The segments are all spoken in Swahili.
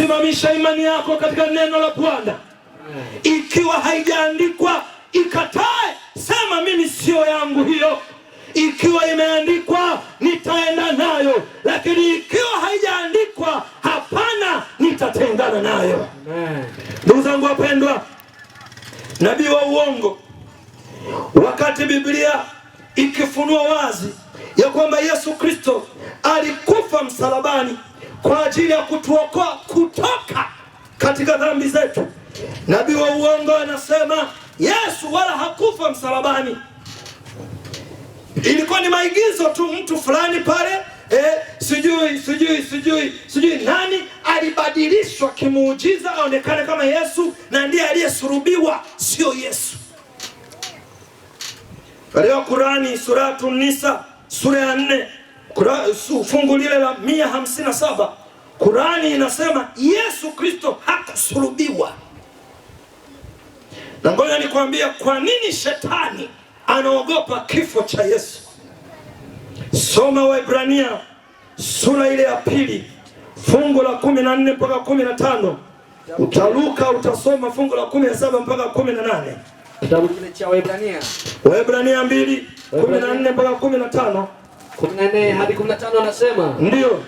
simamisha imani yako katika neno la Bwana. Ikiwa haijaandikwa ikatae, sema mimi sio yangu hiyo. Ikiwa imeandikwa nitaenda nayo, lakini ikiwa haijaandikwa hapana, nitatengana nayo. Ndugu zangu wapendwa, nabii wa uongo, wakati Biblia ikifunua wazi ya kwamba Yesu Kristo alikufa msalabani kwa ajili ya kutuokoa kutoka katika dhambi zetu. Nabii wa uongo anasema Yesu wala hakufa msalabani, ilikuwa ni maigizo tu. Mtu fulani pale eh, sijui sijui sijui sijui nani alibadilishwa kimuujiza aonekane kama Yesu na ndiye aliyesurubiwa sio Yesu. Katika Qurani suratu Nisa sura ya nne fungu lile la mia hamsini na saba Kurani inasema Yesu Kristo hakusulubiwa. Na ngoja nikwambia kwa nini shetani anaogopa kifo cha Yesu. Soma Waebrania sura ile ya pili fungu la kumi na nne mpaka kumi na tano utaluka utasoma fungu la kumi na saba mpaka kumi na nane Waebrania mbili kumi na nne mpaka kumi na tano 14 hadi 15 anasema ndio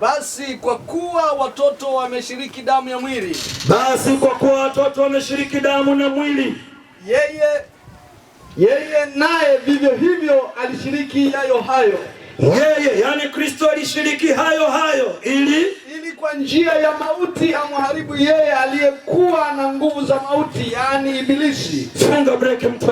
basi kwa kuwa watoto wameshiriki damu ya mwili, basi kwa kuwa watoto wameshiriki damu na mwili, yeye yeye naye vivyo hivyo alishiriki yayo hayo. Yeye yani Kristo alishiriki hayo hayo, ili ili kwa njia ya mauti amharibu yeye aliyekuwa na nguvu za mauti, yani Ibilisi. Funga break mtu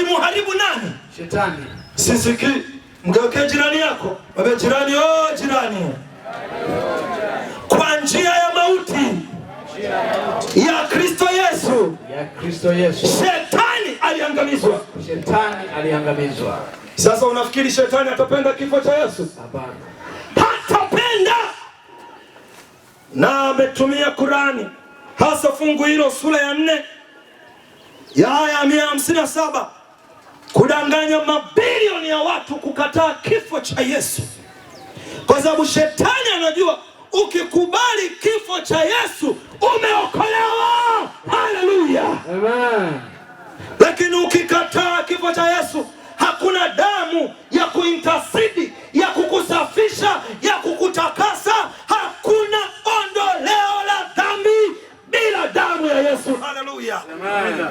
alimuharibu nani? Shetani. Sisikii, mgeuke jirani yako, mwambie jirani, oh jirani, kwa njia ya mauti ya Kristo Yesu, ya Kristo Yesu, shetani aliangamizwa, shetani aliangamizwa. Sasa unafikiri shetani atapenda kifo cha Yesu? Hapana, hatapenda. Na ametumia Kurani hasa fungu hilo sura ya nne ya aya ya mia hamsini na saba kudanganya mabilioni ya watu kukataa kifo cha Yesu, kwa sababu shetani anajua ukikubali kifo cha Yesu umeokolewa. Haleluya, amen. Lakini ukikataa kifo cha Yesu hakuna damu ya kuintasidi ya kukusafisha ya kukutakasa. Hakuna ondoleo la dhambi bila damu ya Yesu. Haleluya, amen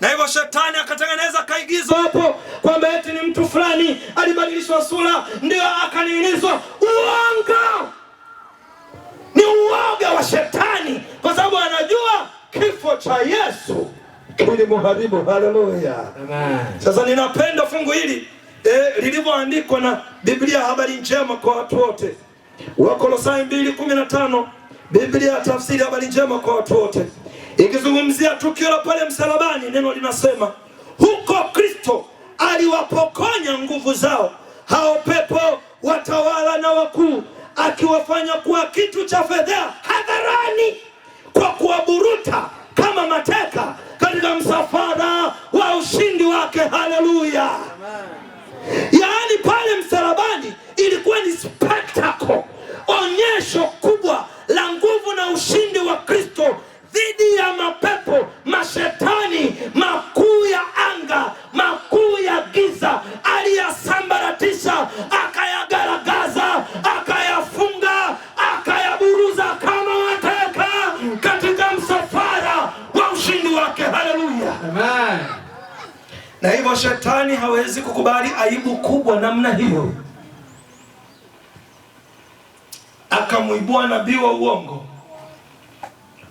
na hivyo shetani akatengeneza kaigizo hapo kwamba eti ni mtu fulani alibadilishwa sura ndio akaniinizwa. Uongo, ni uoga wa shetani, kwa sababu anajua kifo cha Yesu kilimuharibu. Haleluya, amen. Sasa ninapenda fungu hili e, lilivyoandikwa na Biblia habari njema kwa watu wote, Wakolosai 2:15 Biblia ya tafsiri habari njema kwa watu wote ikizungumzia tukio la pale msalabani, neno linasema huko Kristo aliwapokonya nguvu zao hao pepo watawala na wakuu, akiwafanya kuwa kitu cha fedheha hadharani kwa kuwaburuta Haleluya, amen. Na hivyo shetani hawezi kukubali aibu kubwa namna hiyo, akamwibua nabii wa uongo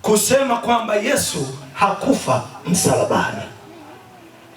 kusema kwamba Yesu hakufa msalabani.